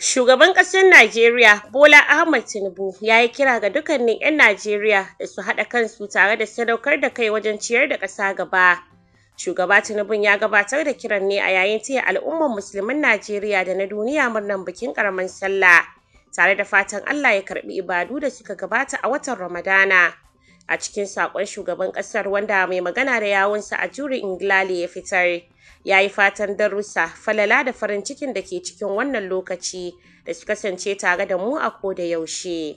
Shugaban ƙasar Najeriya Bola Ahmed Tinubu ya yi kira ga dukkanin 'yan Najeriya da su haɗa kansu tare da sadaukar da kai wajen ciyar da ƙasa gaba. Shugaba Tinubun ya gabatar da kiran ne a yayin taya al'ummar musulmin Najeriya da na duniya murnar bikin ƙaramin sallah tare da fatan Allah ya karɓi ibadu da suka gabata a watan Ramadana. a cikin sakon shugaban kasar wanda mai magana da yawunsa a juri ingilali ya fitar ya yi fatan darussa falala da farin cikin da ke cikin wannan lokaci da su kasance tare da mu a koda yaushe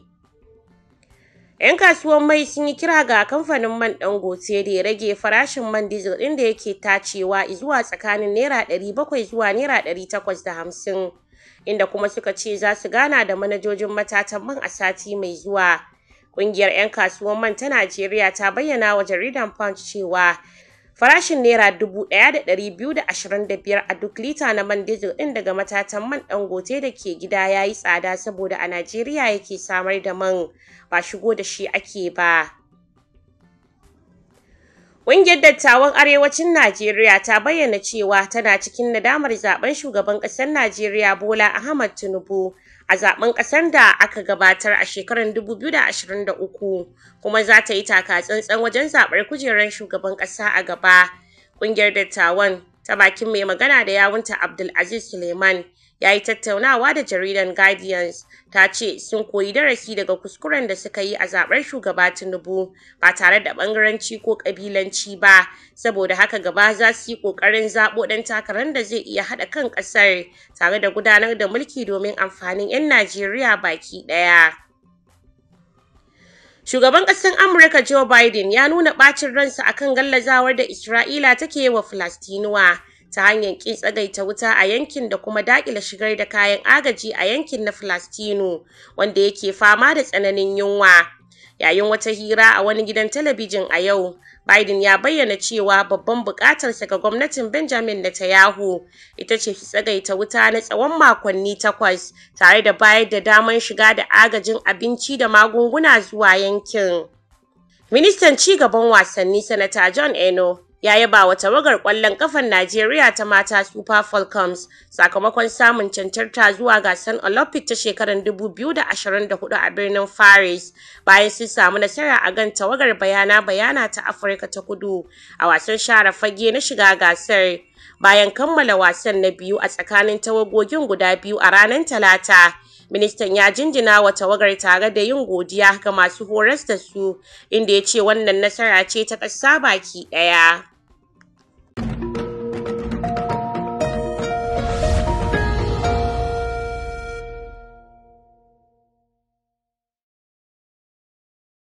'yan kasuwan mai sun yi kira ga kamfanin man dangote da ya rage farashin man diesel ɗin da yake tacewa zuwa tsakanin naira 700 zuwa naira 850 inda kuma suka ce za su gana da manajojin matatan man a sati mai zuwa Ƙungiyar 'yan kasuwan man ta Najeriya ta bayyana wa jaridan Punch cewa farashin naira 1,225 a duk lita na man diesel ɗin daga matatan man gote da ke gida ya yi tsada saboda a Najeriya yake samar da man ba shigo da shi ake ba. Ƙungiyar dattawan Arewacin Najeriya ta bayyana cewa tana cikin nadamar zaben shugaban ƙasar Najeriya Bola Ahmed Tinubu a zaben ƙasar da aka gabatar a shekarar 2023 kuma za ta yi taka tsantsan wajen zaɓar kujerar shugaban ƙasa a gaba. Ƙungiyar dattawan ta bakin mai magana da yawunta Abdulaziz Suleiman ya yi tattaunawa da jaridan Guardians ta ce sun koyi darasi daga kuskuren da suka yi a zaɓar shugaba Tinubu ba tare da ɓangaranci ko ƙabilanci ba saboda haka gaba za su yi ƙoƙarin zaɓo ɗan takarar da zai iya haɗa kan ƙasar tare da gudanar da mulki domin amfanin 'yan Najeriya baki ɗaya. Shugaban ƙasar Amurka Joe Biden ya nuna ɓacin ransa akan gallazawar da Isra'ila take yi wa Falastinuwa ta hanyar ƙin tsagaita wuta a yankin da kuma daƙila shigar da kayan agaji a yankin na Falastinu wanda yake fama da tsananin yunwa. Yayin wata hira a wani gidan talabijin a yau, Biden ya bayyana cewa babban bukatarsa ga gwamnatin Benjamin Netanyahu ita ce tsagaita wuta na tsawon makonni takwas tare da bayar da damar shiga da agajin abinci da magunguna zuwa yankin. Ministan ci gaban wasanni Sanata John Eno ya yaba wa tawagar ƙwallon ƙafar Najeriya ta mata Super Falcons sakamakon samun cancanta zuwa gasar Olympic ta shekarar 2024 a birnin Paris bayan sun samu nasara a gan tawagar bayana-bayana ta Afirka ta Kudu a wasan share fage na shiga gasar. Bayan kammala wasan na biyu a tsakanin tawagogin guda biyu a ranar Talata, ministan ya jinjina wa tawagar tare da yin godiya ga masu horas da su inda ya ce wannan nasara ce ta ƙasa baki ɗaya.